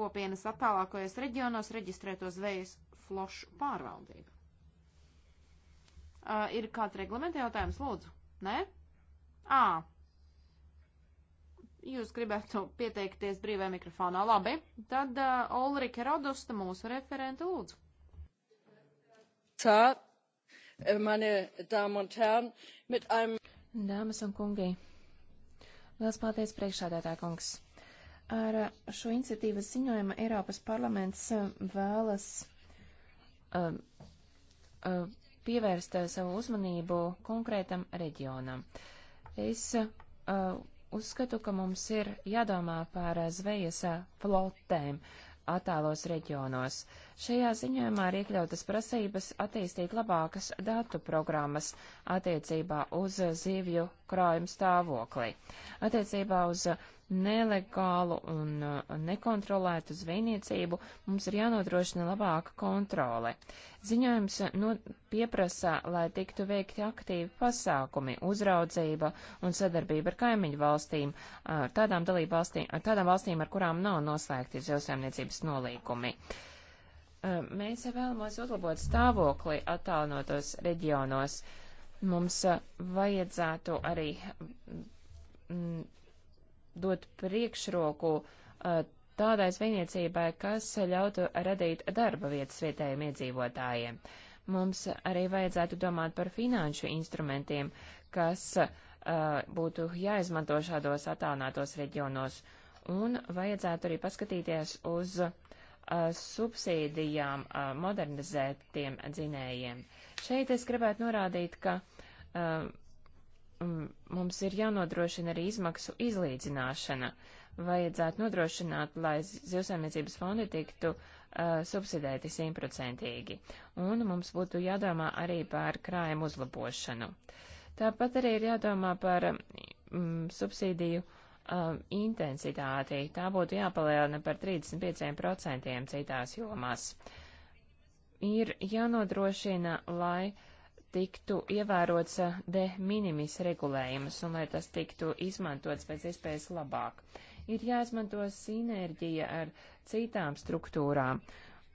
kopienas attālākajos reģionos reģistrēto zvejas flošu pārvaldību. Uh, ir kāds reglamenta jautājums, lūdzu? Nē? Ā. Jūs gribētu pieteikties brīvē mikrofonā. Labi. Tad uh, Olrika Rodusta mūsu referenta lūdzu. Tā, mani dāmas un herren, mit einem. Dāmas un kungi, liels paldies priekšādātā kungs. Ar šo iniciatīvas ziņojumu Eiropas parlaments eh, vēlas uh, uh, pievērst savu uzmanību konkrētam reģionam. Es uh, uzskatu, ka mums ir jādomā par zvejas flotēm attālos reģionos. Šajā ziņojumā ir iekļautas prasības attīstīt labākas datu programmas attiecībā uz zivju krājumu stāvokli, attiecībā uz uh, nelegālu un uh, nekontrolētu zvejniecību, mums ir jānodrošina labāka kontrole. Ziņojums uh, no, pieprasa, lai tiktu veikti aktīvi pasākumi, uzraudzība un sadarbība ar kaimiņu valstīm, ar tādām, valstīm, ar tādām valstīm, ar kurām nav noslēgti zivsēmniecības nolīkumi. Uh, mēs vēlamies uzlabot stāvokli attālinotos reģionos. Mums vajadzētu arī mm, dot priekšroku uh, tādai zvejniecībai, kas ļautu radīt darba vietas vietējiem iedzīvotājiem. Mums arī vajadzētu domāt par finanšu instrumentiem, kas uh, būtu jāizmanto šādos attālinātos reģionos, un vajadzētu arī paskatīties uz uh, subsīdijām uh, modernizētiem dzinējiem. Šeit es gribētu norādīt, ka uh, Mm, mums ir jānodrošina arī izmaksu izlīdzināšana. Vajadzētu nodrošināt, lai zivsaimniecības fondi tiktu uh, subsidēti simtprocentīgi, un mums būtu jādomā arī par krājumu uzlabošanu. Tāpat arī ir jādomā par mm, subsīdiju uh, intensitāti. Tā būtu jāpalielina par 35% citās jomās. Ir jānodrošina, lai uh, tiktu ievērots eh, de minimis regulējums un lai tas tiktu izmantots pēc iespējas labāk. Ir jāizmanto sinerģija ar citām struktūrām,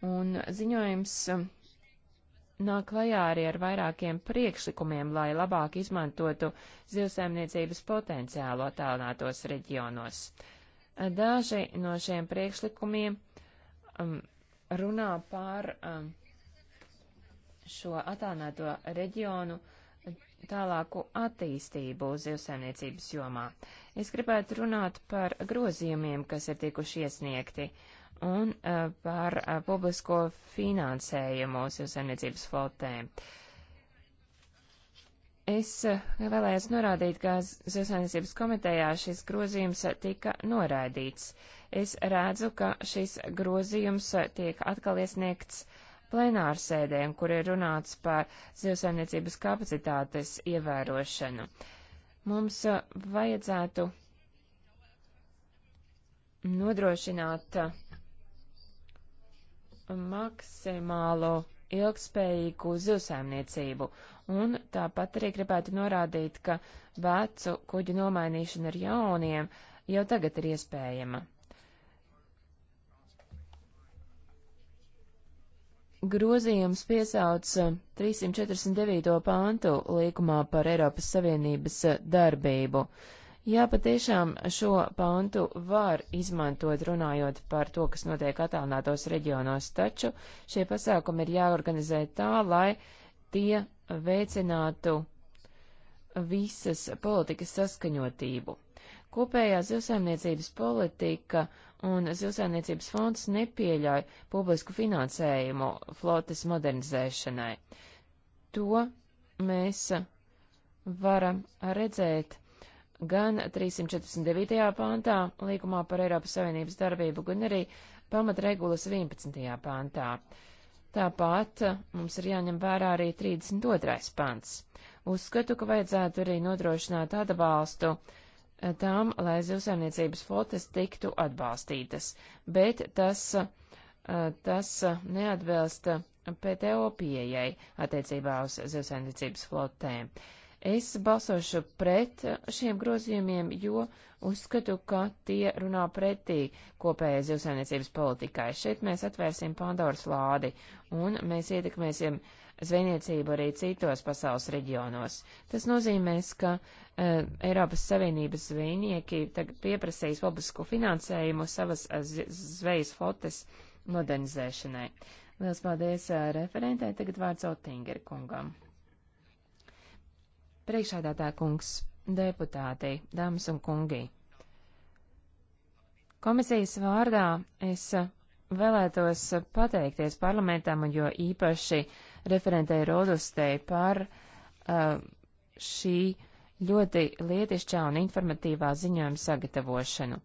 un ziņojums eh, nāk klajā arī ar vairākiem priekšlikumiem, lai labāk izmantotu zivsēmniecības potenciālu attālinātos reģionos. Eh, daži no šiem priekšlikumiem um, runā par um, šo attālināto reģionu tālāku attīstību zivsaimniecības jomā. Es gribētu runāt par grozījumiem, kas ir tikuši iesniegti, un uh, par uh, publisko finansējumu zivsaimniecības flotēm. Es uh, vēlējos norādīt, ka zivsaimniecības komitejā šis grozījums tika noraidīts. Es redzu, ka šis grozījums tiek atkal iesniegts plenārsēdēm, kur ir runāts par zivsaimniecības kapacitātes ievērošanu. Mums uh, vajadzētu nodrošināt uh, maksimālu ilgspējīgu zivsaimniecību, un tāpat arī gribētu norādīt, ka vecu kuģu nomainīšana ar jauniem jau tagad ir iespējama. grozījums piesauc 349. Eh, pāntu līkumā par Eiropas Savienības eh, darbību. Jā, patiešām šo pāntu var izmantot runājot par to, kas notiek attālinātos reģionos, taču šie pasākumi ir jāorganizē tā, lai tie veicinātu visas politikas saskaņotību. Kopējā zivsaimniecības politika un Zilsēmniecības fonds nepieļauj publisku finansējumu flotes modernizēšanai. To mēs varam redzēt gan 349. pāntā līgumā par Eiropas Savienības darbību, gan arī pamatregulas 11. pāntā. Tāpat mums ir jāņem vērā arī 32. pants. Uzskatu, ka vajadzētu arī nodrošināt atbalstu uh, tām, lai zivsaimniecības flotes tiktu atbalstītas, bet tas, eh, tas neatbilst PTO pieejai attiecībā uz zivsaimniecības flotēm. Uh, Es balsošu pret šiem grozījumiem, jo uzskatu, ka tie runā pretī kopējai zivsainiecības politikai. Šeit mēs atvērsim Pandoras lādi un mēs ietekmēsim zvejniecību arī citos pasaules reģionos. Tas nozīmēs, ka e, Eiropas Savienības zvejnieki pieprasīs publisku finansējumu savas e, zvejas flotes modernizēšanai. Lielas paldies e, referentē, tagad vārds Otingeri kungam. Priekšādātā kungs, deputāti, dāmas un kungi. Komisijas vārdā es vēlētos pateikties parlamentam, jo īpaši referentei Rodustei par uh, šī ļoti lietišķā un informatīvā ziņojuma sagatavošanu.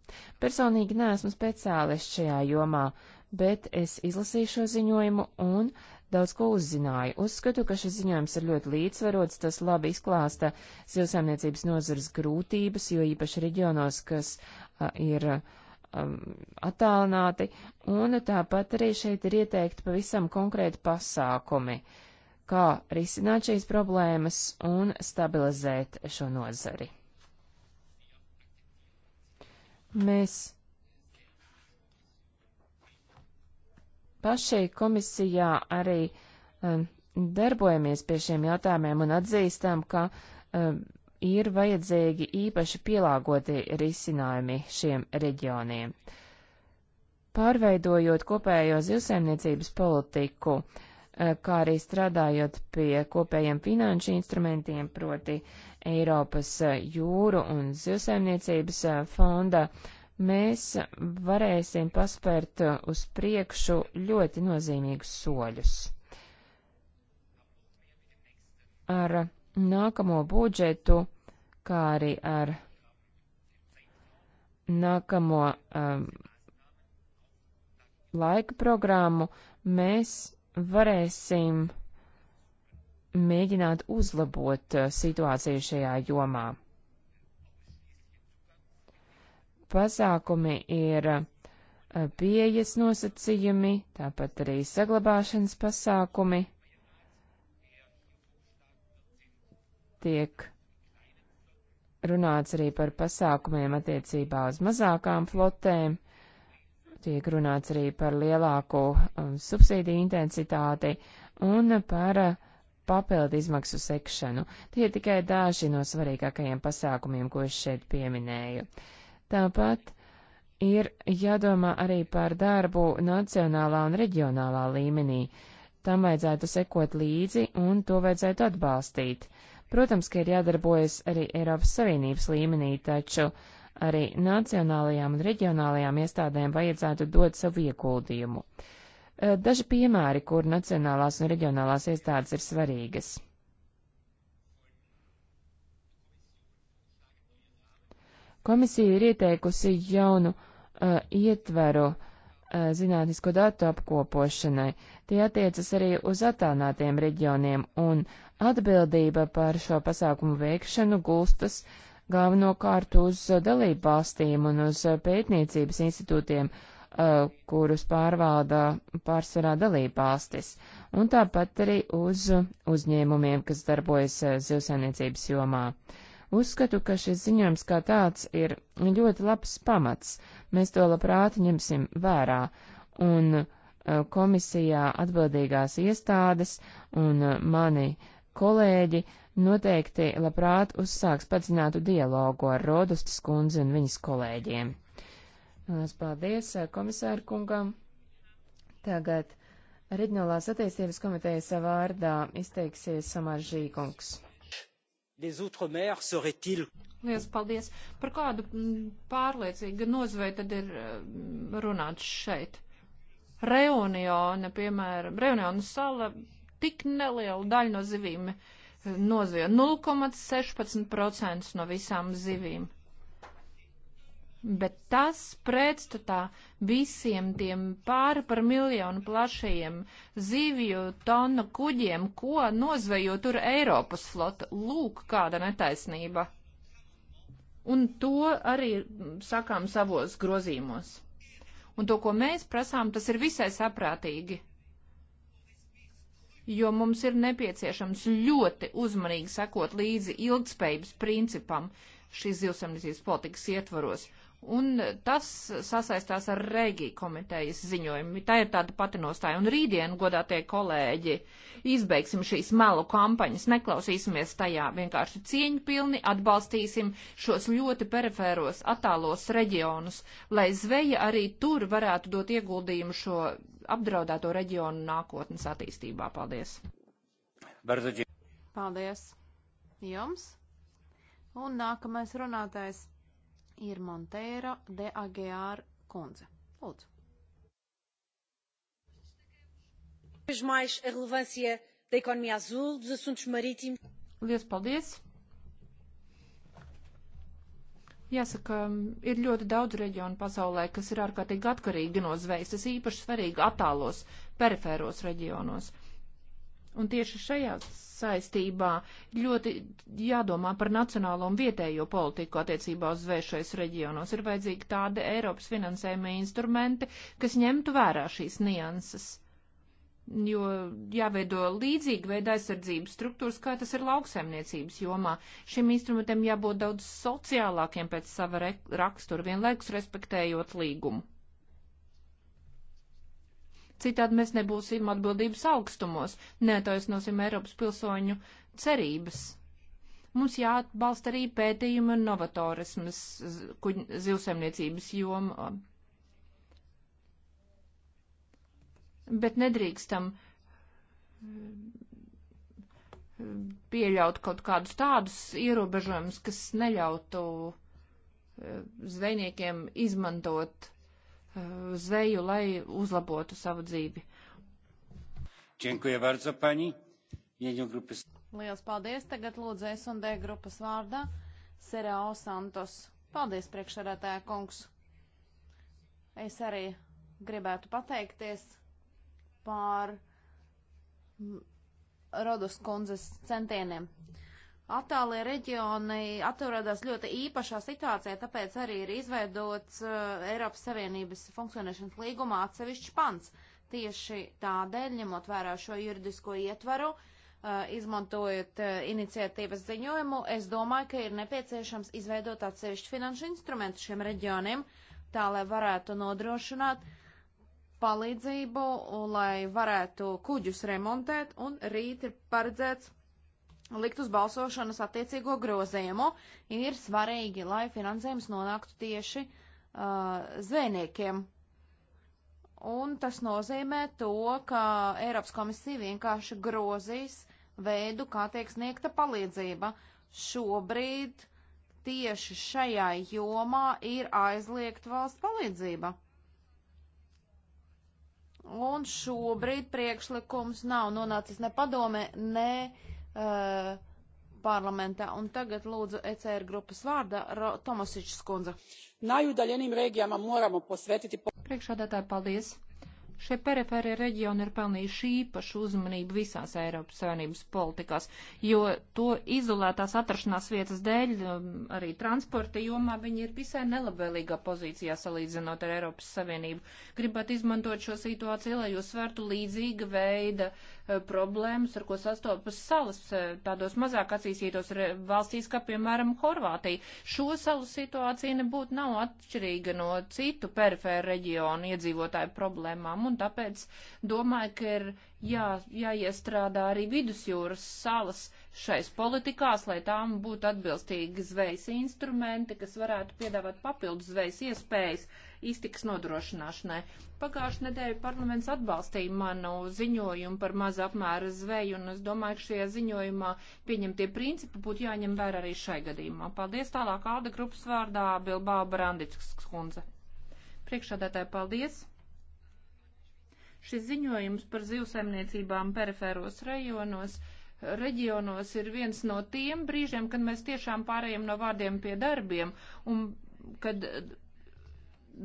Personīgi neesmu speciālists šajā jomā, bet es izlasīju šo ziņojumu un daudz ko uzzināju. Uzskatu, ka šis ziņojums ir ļoti līdzsvarots, tas labi izklāsta zivsaimniecības nozares grūtības, jo īpaši reģionos, kas a, ir a, um, attālināti, un tāpat arī šeit ir ieteikti pavisam konkrēti pasākumi, kā risināt šīs problēmas un stabilizēt šo nozari. Mēs paši komisijā arī um, darbojamies pie šiem jautājumiem un atzīstam, ka um, ir vajadzīgi īpaši pielāgoti risinājumi šiem reģioniem. Pārveidojot kopējo zivsaimniecības politiku, uh, kā arī strādājot pie kopējiem finanšu instrumentiem, proti Eiropas uh, jūru un zivsaimniecības uh, fonda, uh, mēs varēsim paspērt uz priekšu ļoti nozīmīgus soļus. Ar nākamo budžetu, kā arī ar nākamo um, laika programmu, mēs varēsim mēģināt uzlabot uh, situāciju šajā jomā pasākumi ir eh, pieejas nosacījumi, tāpat arī saglabāšanas pasākumi. Tiek runāts arī par pasākumiem attiecībā uz mazākām flotēm, tiek runāts arī par lielāku um, subsīdiju intensitāti un par uh, papildu izmaksu sekšanu. Tie ir tikai daži no svarīgākajiem pasākumiem, ko es šeit pieminēju. Uh, Tāpat ir jādomā arī par darbu nacionālā un reģionālā līmenī. Tam vajadzētu sekot līdzi un to vajadzētu atbalstīt. Protams, ka ir jādarbojas arī Eiropas Savienības līmenī, taču arī nacionālajām un reģionālajām iestādēm vajadzētu dot savu ieguldījumu. Daži piemēri, kur nacionālās un reģionālās iestādes ir svarīgas. Komisija ir ieteikusi jaunu uh, ietveru uh, zinātnisko datu apkopošanai. Tie attiecas arī uz attālinātiem reģioniem, un atbildība par šo pasākumu veikšanu gulstas galvenokārt uz uh, dalību valstīm un uz uh, pētniecības institūtiem, uh, kurus pārvalda pārsvarā dalību valstis, un tāpat arī uz uzņēmumiem, kas darbojas uh, zivsainiecības jomā. Uh, Uzskatu, ka šis ziņojums kā tāds ir ļoti labs pamats. Mēs to labprāt ņemsim vērā. Un e, komisijā atbildīgās iestādes un e, mani kolēģi noteikti labprāt uzsāks padzinātu dialogu ar Rodustas kundzi un viņas kolēģiem. Lielas paldies e, komisāru kungam. Tagad Reģionālās attīstības komitejas vārdā izteiksies Samārs Žīkungs. Lielas paldies! Par kādu mm, pārliecīgu nozvei tad ir mm, runāts šeit? Reuniona, piemēram, Reuniona sala tik nelielu daļu no zivīm eh, nozvei, 0,16% no visām zivīm bet tas pretstatā visiem tiem pāri par miljonu plašajiem zivju tonu kuģiem, ko nozvejo tur Eiropas flota. Lūk, kāda netaisnība. Un to arī sakām savos grozīmos. Un to, ko mēs prasām, tas ir visai saprātīgi. Jo mums ir nepieciešams ļoti uzmanīgi sekot līdzi ilgspējības principam šīs zivsamniecības politikas ietvaros un tas sasaistās ar Regi komitejas ziņojumu. Tā ir tāda pati nostāja. Un rītdien, godātie kolēģi, izbeigsim šīs melu kampaņas, neklausīsimies tajā, vienkārši cieņpilni atbalstīsim šos ļoti perifēros, attālos reģionus, lai zveja arī tur varētu dot ieguldījumu šo apdraudēto reģionu nākotnes attīstībā. Paldies! Paldies jums! Un nākamais runātājs ir Monteira de Aguiar kundze. Lūdzu. Liels paldies! Jāsaka, ir ļoti daudz reģionu pasaulē, kas ir ārkārtīgi atkarīgi no zvejas. Tas īpaši svarīgi attālos, perifēros reģionos. Un tieši šajā saistībā ļoti jādomā par nacionālo un vietējo politiku attiecībā uz zvēršais reģionos. Ir vajadzīgi tādi Eiropas finansējuma instrumenti, kas ņemtu vērā šīs nianses. Jo jāveido līdzīga veida aizsardzības struktūras, kā tas ir lauksaimniecības jomā. Šiem instrumentiem jābūt daudz sociālākiem pēc sava rakstura, vienlaikus respektējot līgumu. Citādi mēs nebūsim atbildības augstumos, netaisnosim Eiropas pilsoņu cerības. Mums jāatbalsta arī pētījuma un novatorismas zivsemniecības joma. Bet nedrīkstam eh, pieļaut kaut kādus tādus ierobežojumus, kas neļautu eh, zvejniekiem izmantot Uh, zveju, lai uzlabotu savu dzīvi. Bardzo, grupas... Lielas paldies! Tagad lūdzu S&D grupas vārdā Serao Santos. Paldies, priekšsarētāja kungs! Es arī gribētu pateikties par Rodas kundzes centieniem. Attālie reģioni atrodas ļoti īpašā situācijā, tāpēc arī ir izveidots uh, Eiropas Savienības funkcionēšanas līgumā atsevišķs pants. Tieši tādēļ, ņemot vērā šo juridisko ietvaru, uh, izmantojot uh, iniciatīvas ziņojumu, es domāju, ka ir nepieciešams izveidot atsevišķu finanšu instrumentu šiem reģioniem, tā lai varētu nodrošināt palīdzību, lai varētu kuģus remontēt, un rīt ir paredzēts likt uz balsošanas attiecīgo grozījumu, ir svarīgi, lai finansējums nonāktu tieši uh, zvejniekiem. Un tas nozīmē to, ka Eiropas komisija vienkārši grozīs veidu, kā tiek sniegta palīdzība. Šobrīd tieši šajā jomā ir aizliegta valsts palīdzība. Un šobrīd priekšlikums nav nonācis ne padome, ne uh, uh, parlamentā. Un tagad lūdzu ECR grupas vārdā Tomasičs kundze. Najudaljenim regijama moramo posvetiti... Priekšādātāji, paldies! Šie perifērie reģioni ir pelnījuši īpašu uzmanību visās Eiropas Savienības politikās, jo to izolētās atrašanās vietas dēļ, um, arī transporta jomā, viņi ir visai nelabvēlīgā pozīcijā salīdzinot ar Eiropas Savienību. Gribētu izmantot šo situāciju, lai jūs svērtu līdzīga veida uh, Eh, problēmas, ar ko sastopas salas eh, tādos mazāk acīsītos valstīs, kā piemēram Horvātija. Šo salu situācija nebūtu nav atšķirīga no citu perifēru reģionu iedzīvotāju problēmām, un tāpēc domāju, ka ir jā, jāiestrādā arī vidusjūras salas šais politikās, lai tām būtu atbilstīgi zvejas instrumenti, kas varētu piedāvāt papildus zvejas iespējas iztikas nodrošināšanai. Pagājušajā nedēļā parlaments atbalstīja manu ziņojumu par maza apmēra zveju, un es domāju, ka šajā ziņojumā pieņemtie principi būtu jāņem vērā arī šai gadījumā. Paldies tālāk Alda grupas vārdā Bilbao Brandickas kundze. Priekšādētāji, paldies! Šis ziņojums par zivsaimniecībām perifēros rajonos reģionos ir viens no tiem brīžiem, kad mēs tiešām pārējām no vārdiem pie darbiem un kad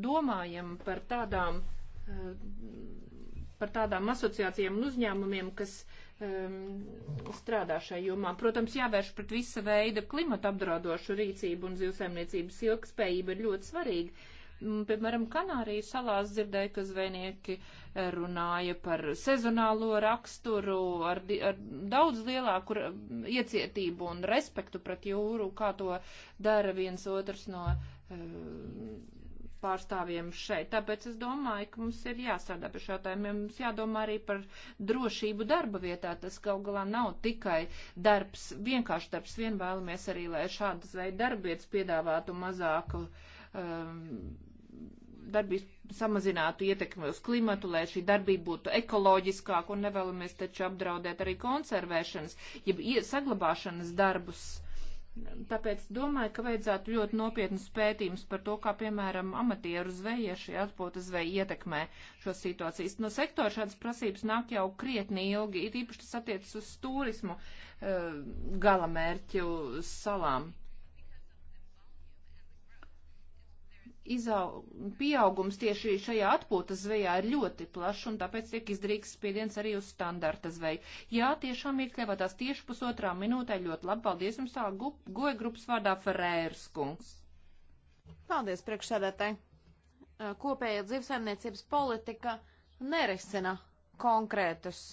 domājam par tādām, eh, par tādām asociācijām un uzņēmumiem, kas eh, strādā šai jomā. Protams, jāvērš pret visa veida klimata apdraudošu rīcību un zivsaimniecības ilgspējība ir ļoti svarīga. Mm, piemēram, Kanāriju salās dzirdēju, ka zvejnieki eh, runāja par sezonālo raksturu ar, ar daudz lielāku iecietību un respektu pret jūru, kā to dara viens otrs no uh, pārstāvjiem šeit. Tāpēc es domāju, ka mums ir jāsādā pie šādājumiem. Mums jādomā arī par drošību darba vietā. Tas gal galā nav tikai darbs, vienkārši darbs. Vien vēlamies arī, lai šādas veida darbietas piedāvātu mazāku. Um, darbības samazinātu ietekmi uz klimatu, lai šī darbība būtu ekoloģiskāka un nevēlamies taču apdraudēt arī konservēšanas, jeb saglabāšanas darbus Tāpēc domāju, ka vajadzētu ļoti nopietnus pētījumus par to, kā, piemēram, amatieru zvejieši atpūta zveja ietekmē šo situācijas. No sektora šādas prasības nāk jau krietni ilgi, it īpaši tas attiecas uz turismu eh, galamērķu salām. izau, pieaugums tieši šajā atpūtas zvejā ir ļoti plašs, un tāpēc tiek izdarīts spiediens arī uz standarta zveju. Jā, tiešām iekļāvātās tieši pusotrā minūtē ļoti labi. Paldies jums tā goja grupas vārdā Ferērs kungs. Paldies priekšsēdētāji. Kopējā dzīvesaimniecības politika nerisina konkrētus,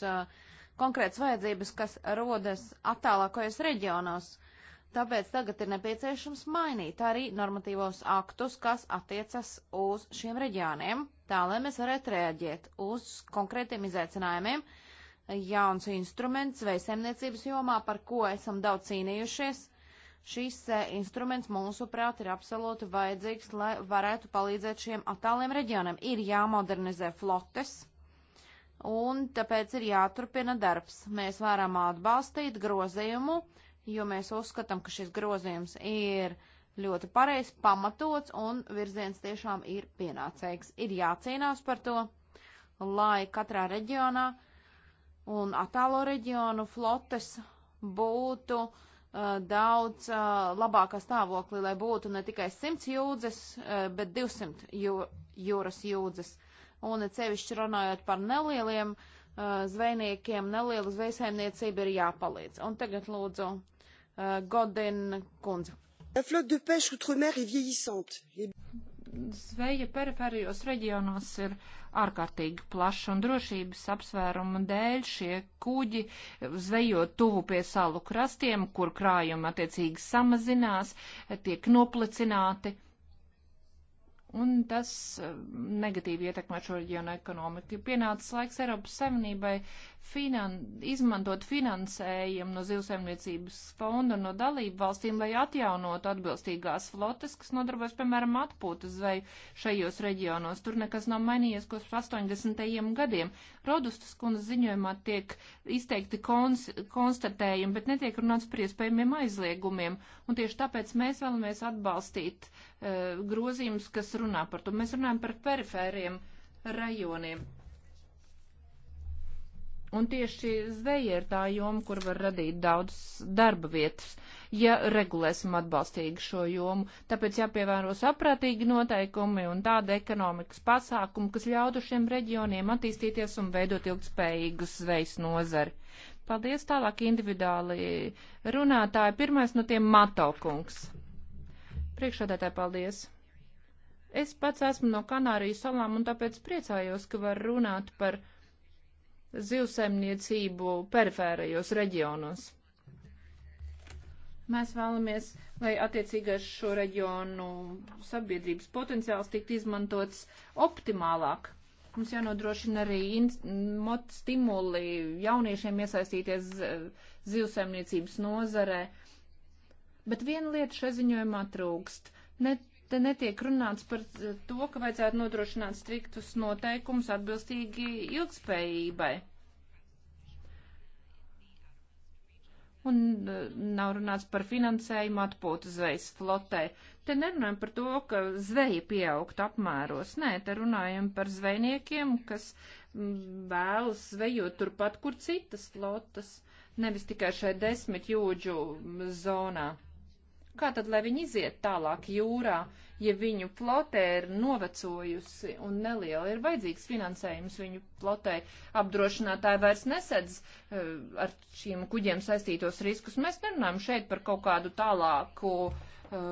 konkrētas vajadzības, kas rodas attālākajos reģionos Tāpēc tagad ir nepieciešams mainīt arī normatīvos aktus, kas attiecas uz šiem reģioniem, tā lai mēs varētu reaģēt uz konkrētiem izaicinājumiem. Jauns instruments veisemniecības jomā, par ko esam daudz cīnījušies, šis eh, instruments mūsuprāt ir absolūti vajadzīgs, lai varētu palīdzēt šiem attāliem reģionam. Ir jāmodernizē flotes un tāpēc ir jāturpina darbs. Mēs varam atbalstīt grozījumu jo mēs uzskatām, ka šis grozījums ir ļoti pareizs, pamatots un virziens tiešām ir pienācīgs. Ir jācīnās par to, lai katrā reģionā un attālo reģionu flotes būtu uh, daudz uh, labākā stāvoklī, lai būtu ne tikai 100 jūdzes, uh, bet 200 jū, jūras jūdzes. Un cevišķi runājot par nelieliem uh, zvejniekiem, nelielu zvejsaimniecību ir jāpalīdz. Un tagad lūdzu Eh, Godin kundze. La flotte de pêche outre-mer est vieillissante. Zveja periferijos reģionos ir ārkārtīgi plaša un drošības apsvērumu dēļ šie kuģi zvejo tuvu pie salu krastiem, kur krājumi attiecīgi samazinās, tiek noplicināti. Un tas eh, negatīvi ietekmē šo reģionu ekonomiku. Pienācis laiks Eiropas Savienībai finan izmantot finansējumu no zivsaimniecības fonda no dalību valstīm, lai atjaunotu atbilstīgās flotes, kas nodarbojas, piemēram, atpūtas zveju šajos reģionos. Tur nekas nav mainījies kopš 80. gadiem. Rodustas kundas ziņojumā tiek izteikti kons konstatējumi, bet netiek runāts par iespējamiem aizliegumiem. Un tieši tāpēc mēs vēlamies atbalstīt uh, grozījumus, kas runā par to. Mēs runājam par perifēriem rajoniem. Un tieši zveja ir tā joma, kur var radīt daudz darba vietas, ja regulēsim atbalstīgi šo jomu. Tāpēc jāpievēro saprātīgi noteikumi un tāda ekonomikas pasākuma, kas ļautu šiem reģioniem attīstīties un veidot ilgspējīgus zvejas nozari. Paldies tālāk individuāli runātāji. Pirmais no tiem Matokungs. Priekšādātāji, paldies! Es pats esmu no Kanārijas salām un tāpēc priecājos, ka var runāt par zivsaimniecību perifērajos reģionos. Mēs vēlamies, lai attiecīgais šo reģionu sabiedrības potenciāls tiktu izmantots optimālāk. Mums jānodrošina arī stimuli jauniešiem iesaistīties eh, zivsaimniecības nozarē. Bet viena lieta šai ziņojumā trūkst. Net Te netiek runāts par to, ka vajadzētu nodrošināt striktus noteikumus atbilstīgi ilgspējībai. Un e, nav runāts par finansējumu atpūtu zvejas flotē. Te nerunājam par to, ka zveja pieaugtu apmēros. Nē, te runājam par zvejniekiem, kas vēlas zvejot turpat, kur citas flotas, nevis tikai šai desmit jūdžu zonā. Kā tad, lai viņi iziet tālāk jūrā, ja viņu flotē ir novecojusi un neliela, ir vajadzīgs finansējums viņu flotē, apdrošinātāji vairs nesedz eh, ar šīm kuģiem saistītos riskus. Mēs nerunājam šeit par kaut kādu tālāku eh,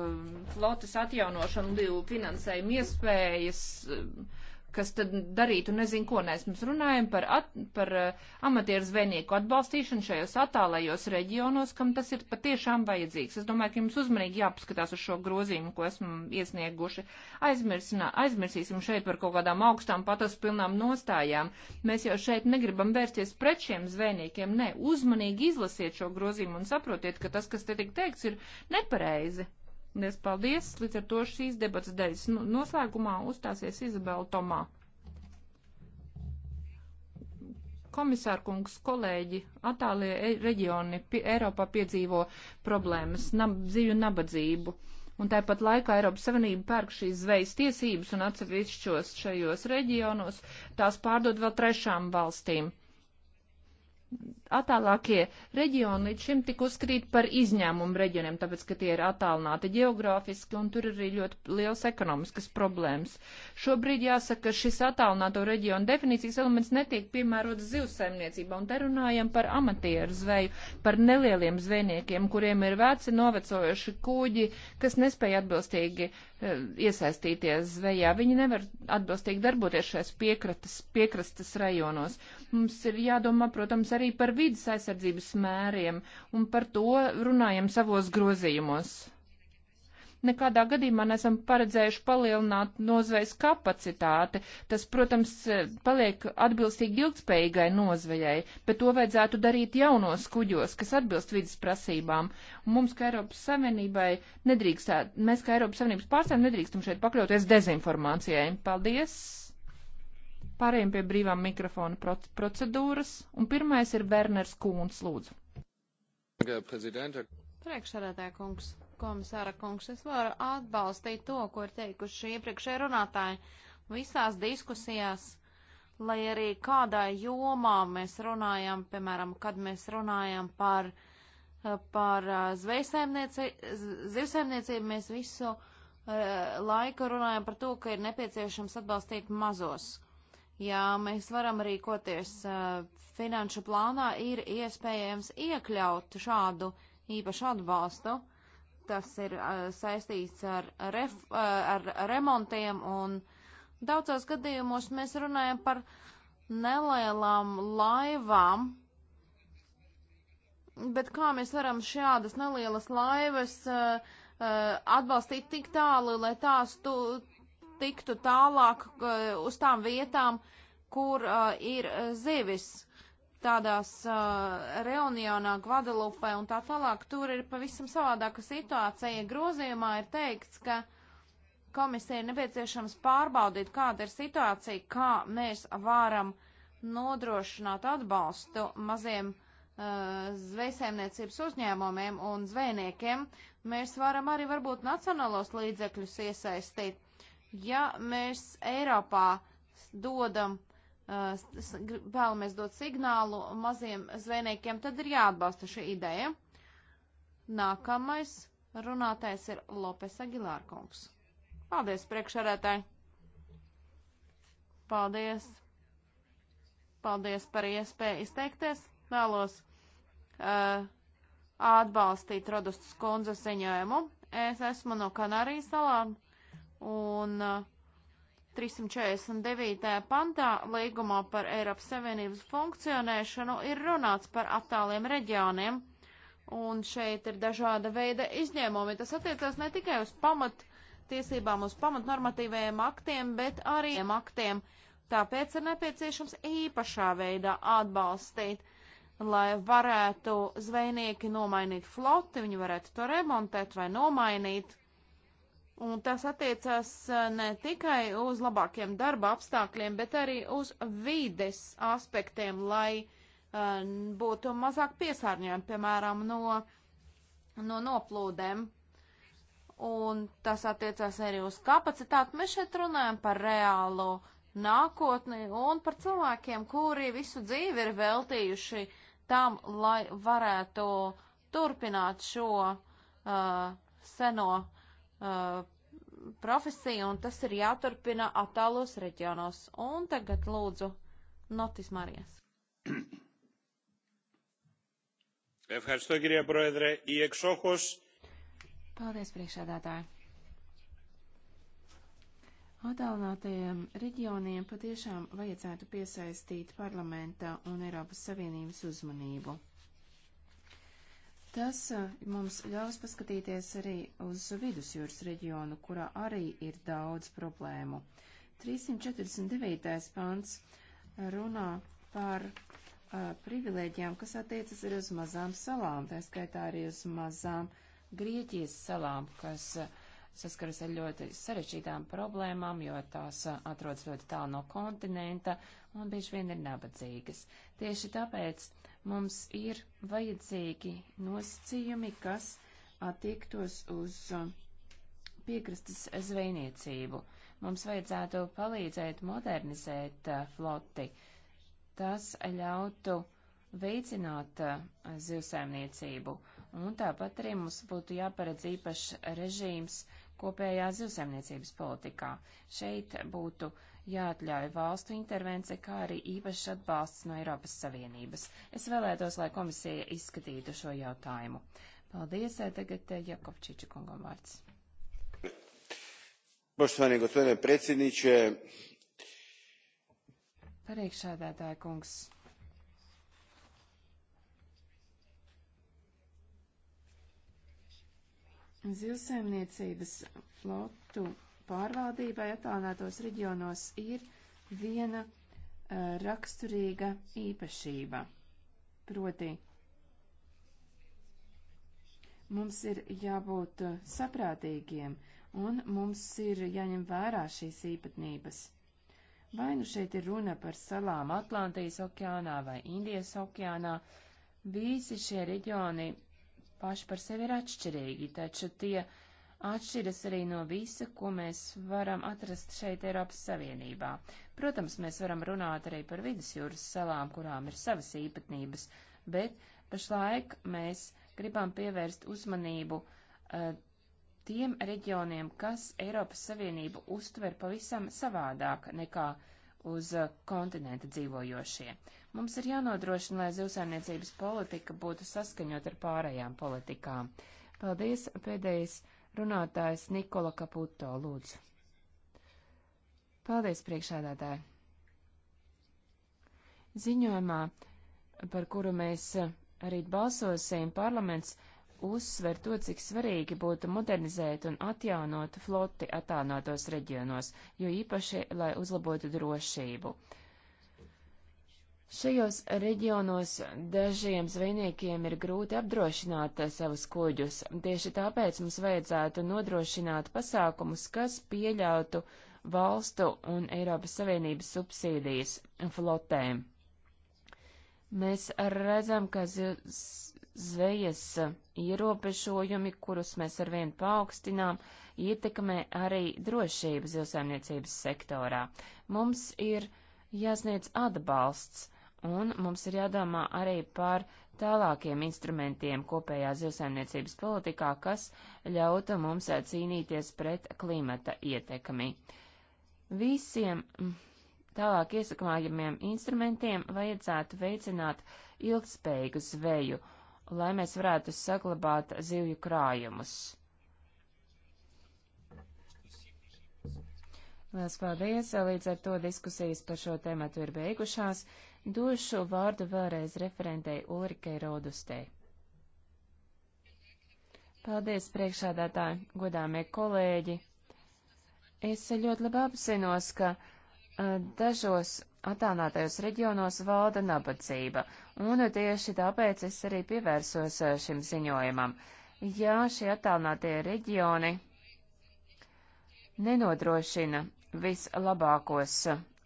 flotes atjaunošanu, finansējumu iespējas. Uh, kas tad darītu nezinu, ko mēs mums runājam par, at, par uh, amatieru zvejnieku atbalstīšanu šajos attālajos reģionos, kam tas ir patiešām vajadzīgs. Es domāju, ka jums uzmanīgi jāpaskatās uz šo grozījumu, ko esmu iesnieguši. Aizmirsinā, aizmirsīsim šeit par kaut kādām augstām patas pilnām nostājām. Mēs jau šeit negribam vērsties pret šiem zvejniekiem. Nē, uzmanīgi izlasiet šo grozījumu un saprotiet, ka tas, kas te tik teikts, ir nepareizi. Lies paldies! Līdz ar to šīs debatas daļas nu, noslēgumā uzstāsies Izabela Tomā. Komisārkungs, kolēģi, attālie reģioni pie, Eiropā piedzīvo problēmas, nab, dzīvi nabadzību. Un tāpat laikā Eiropas Savienība pērk šīs zvejas tiesības un atsevišķos šajos reģionos tās pārdod vēl trešām valstīm. Attālākie reģioni līdz šim tik uzskrīt par izņēmumu reģioniem, tāpēc, ka tie ir attālināti geogrāfiski un tur ir arī ļoti liels ekonomiskas problēmas. Šobrīd jāsaka, ka šis attālināto reģionu definīcijas elements netiek piemērots zivsaimniecībā, un te runājam par amatieru zveju, par nelieliem zvejniekiem, kuriem ir veci novecojuši kuģi, kas nespēja atbilstīgi e, iesaistīties zvejā. Viņi nevar atbilstīgi darboties šajās piekratas, piekrastas rajonos. Mums ir jādomā, protams, arī par vidas aizsardzības mēriem, un par to runājam savos grozījumos. Nekādā gadījumā nesam paredzējuši palielināt nozvejas kapacitāti. Tas, protams, paliek atbilstīgi ilgspējīgai nozvejai, bet to vajadzētu darīt jaunos kuģos, kas atbilst vidas prasībām. Un mums, kā Eiropas Savienībai, nedrīkstā, mēs, kā Eiropas Savienības pārstāvjiem, nedrīkstam šeit pakļauties dezinformācijai. Paldies! Pārējiem pie brīvā mikrofona procedūras, un pirmais ir Werners Kūns, lūdzu. Priekšsēdētāja kungs, komisāra kungs, es varu atbalstīt to, ko ir teikuši iepriekšēji runātāji visās diskusijās lai arī kādā jomā mēs runājam, piemēram, kad mēs runājam par, par uh, zivsaimniecību, mēs visu uh, laiku runājam par to, ka ir nepieciešams atbalstīt mazos ja mēs varam rīkoties eh, finanšu plānā, ir iespējams iekļaut šādu īpašu atbalstu. Tas ir eh, saistīts ar, ref, eh, ar remontiem un daudzos gadījumos mēs runājam par nelielām laivām, bet kā mēs varam šādas nelielas laivas uh, atbalstīt tik tālu, lai tās tu, tiktu tālāk eh, uz tām vietām, kur uh, ir eh, zivis tādās uh, Reunionā, Gvadalupē un tā tālāk. Tur ir pavisam savādāka situācija. Grozījumā ir teikts, ka komisija ir nepieciešams pārbaudīt, kāda ir situācija, kā mēs varam nodrošināt atbalstu maziem uh, zvejsaimniecības uzņēmumiem un zvejniekiem. Mēs varam arī varbūt nacionālos līdzekļus iesaistīt. Ja mēs Eiropā dodam, eh, vēlamies dot signālu maziem zvejniekiem, tad ir jāatbalsta šī ideja. Nākamais runātais ir Lopes Agilārkungs. Paldies, priekšsarētāji! Paldies! Paldies par iespēju izteikties. Vēlos uh, atbalstīt Rodustas kundzes ziņojumu. Es esmu no Kanārijas salām un 349. Uh, pantā līgumā par Eiropas Savienības funkcionēšanu ir runāts par attāliem reģioniem, un šeit ir dažāda veida izņēmumi. Tas attiecas ne tikai uz pamat tiesībām, uz pamatnormatīvajiem aktiem, bet arī aktiem. Tāpēc ir nepieciešams īpašā veidā atbalstīt, lai varētu zvejnieki nomainīt floti, viņi varētu to remontēt vai nomainīt. Un tas attiecās ne tikai uz labākiem darba apstākļiem, bet arī uz vides aspektiem, lai uh, būtu mazāk piesārņojumi, piemēram, no, no noplūdēm. Un tas attiecās arī uz kapacitāti. Mēs šeit runājam par reālu nākotni un par cilvēkiem, kuri visu dzīvi ir veltījuši tam, lai varētu turpināt šo uh, seno uh, profesija, un tas ir jāturpina attālos reģionos. Un tagad lūdzu Notis Marijas. Paldies, priekšādātāji! Attālinātajiem reģioniem patiešām vajadzētu piesaistīt parlamenta un Eiropas Savienības uzmanību. Tas e, mums ļaus paskatīties arī uz vidusjūras reģionu, kurā arī ir daudz problēmu. 349. pants runā par uh, privilēģijām, kas attiecas arī uz mazām salām, tā skaitā arī uz mazām Grieķijas salām, kas uh, saskaras ar ļoti sarešķītām problēmām, jo tās a, atrodas ļoti tālu no kontinenta un bieži vien ir nabadzīgas. Tieši tāpēc mums ir vajadzīgi nosacījumi, kas attiektos uz um, piekrastes zvejniecību. Mums vajadzētu palīdzēt modernizēt uh, floti. Tas ļautu veicināt uh, zivsēmniecību, un tāpat arī mums būtu jāparedz īpašs režīms kopējā zivsēmniecības politikā. Šeit būtu uh, jāatļauj valstu intervence, kā arī īpašs atbalsts no Eiropas Savienības. Es vēlētos, lai komisija izskatītu šo jautājumu. Paldies, eh, tagad eh, Jakovčiča kungam vārds. Poštovani gospodine predsjedniče. Priekšādātāja kungs. Zivsaimniecības flotu pārvaldībai attālinātos reģionos ir viena uh, raksturīga īpašība. Proti, mums ir jābūt saprātīgiem un mums ir jāņem vērā šīs īpatnības. Vai nu šeit ir runa par salām Atlantijas okeānā vai Indijas okeānā, visi šie reģioni paši par sevi ir atšķirīgi, taču tie uh, atšķiras arī no visa, ko mēs varam atrast šeit Eiropas Savienībā. Protams, mēs varam runāt arī par vidusjūras salām, kurām ir savas īpatnības, bet pašlaik mēs gribam pievērst uzmanību uh, tiem reģioniem, kas Eiropas Savienību uztver pavisam savādāk nekā uz uh, kontinenta dzīvojošie. Mums ir jānodrošina, lai zivsaimniecības politika būtu saskaņot ar pārējām politikām. Paldies, pēdējais Runātājs Nikola Kaputo, lūdzu. Paldies, priekšādātāji. Ziņojumā, par kuru mēs arī balsosim, parlaments uzsver to, cik svarīgi būtu modernizēt un atjaunot floti attālinātos reģionos, jo īpaši, lai uzlabotu drošību. Uh, Šajos reģionos dažiem zvejniekiem ir grūti apdrošināt savus kuģus, tieši tāpēc mums vajadzētu nodrošināt pasākumus, kas pieļautu valstu un Eiropas Savienības subsīdijas flotēm. Mēs redzam, ka zvejas ierobežojumi, kurus mēs arvien paaugstinām, ietekmē arī drošību zilsaimniecības sektorā. Mums ir jāsniedz atbalsts un mums ir jādomā arī par tālākiem instrumentiem kopējā zivsaimniecības politikā, kas ļautu mums cīnīties pret klimata ietekmi. Visiem mm, tālāk iesakamājumiem instrumentiem vajadzētu veicināt ilgspējīgu zveju, lai mēs varētu saglabāt zivju krājumus. Lielas paldies! Līdz ar to diskusijas par šo tēmatu ir beigušās. Došu vārdu vēlreiz referentei Ulrikai Rodustei. Paldies, priekšādātāji, godāmie kolēģi. Es ļoti labi apzinos, ka uh, dažos attālinātajos reģionos valda nabadzība, un tieši tāpēc es arī pievērsos šim ziņojumam. Jā, šie attālinātie reģioni nenodrošina vislabākos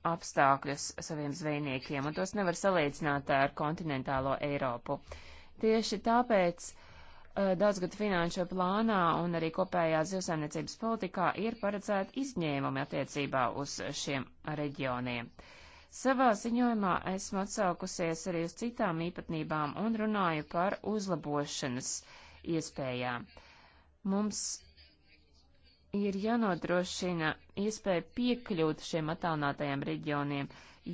apstākļus saviem zvejniekiem, un tos nevar salīdzināt ar kontinentālo Eiropu. Tieši tāpēc eh, daudzgadu finanšu plānā un arī kopējā zivsaimniecības politikā ir paredzēti izņēmumi attiecībā uz šiem reģioniem. Savā ziņojumā esmu atsaukusies arī uz citām īpatnībām un runāju par uzlabošanas iespējām. Mums ir jānodrošina iespēja piekļūt šiem attālinātajiem reģioniem,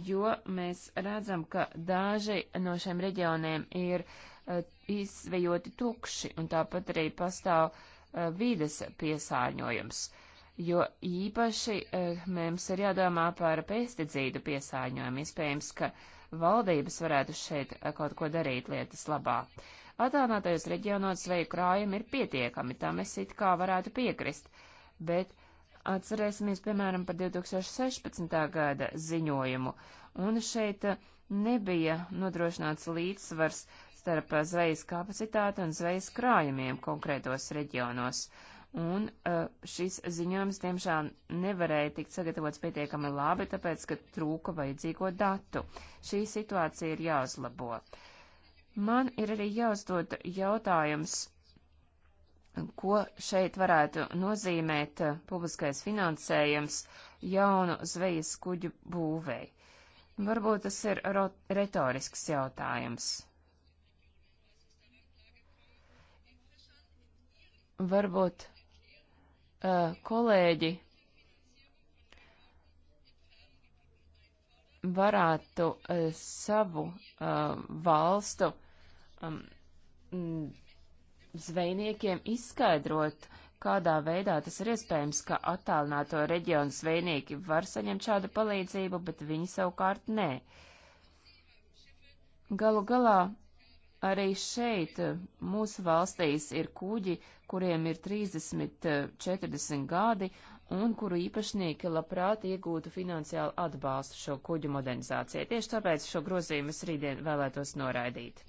jo mēs redzam, ka daži no šiem reģioniem ir uh, eh, izvejoti tukši, un tāpat arī pastāv uh, vides piesārņojums, jo īpaši uh, mums ir jādomā par pesticīdu piesārņojumu. Iespējams, ka valdības varētu šeit kaut ko darīt lietas labā. Attālinātajos reģionos sveju krājumi ir pietiekami, tam es it kā varētu piekrist bet atcerēsimies, piemēram, par 2016. gada ziņojumu, un šeit uh, nebija nodrošināts līdzsvars starp uh, zvejas kapacitāti un zvejas krājumiem konkrētos reģionos. Un uh, šis ziņojums, diemžēl, nevarēja tikt sagatavots pietiekami labi, tāpēc, ka trūka vajadzīgo datu. Šī situācija ir jāuzlabo. Man ir arī jāuzdod jautājums ko šeit varētu nozīmēt eh, publiskais finansējums jaunu zvejas kuģu būvēi. Varbūt tas ir retorisks jautājums. Varbūt uh, kolēģi varētu uh, savu uh, valstu um, zvejniekiem izskaidrot, kādā veidā tas ir iespējams, ka attālināto reģionu zvejnieki var saņemt šādu palīdzību, bet viņi savukārt nē. Galu galā arī šeit mūsu valstīs ir kuģi, kuriem ir 30, 40 eh, gadi un kuru īpašnieki labprāt iegūtu finansiālu atbalstu šo kuģu modernizācijai. Tieši tāpēc šo grozījumu es rītdien vēlētos noraidīt.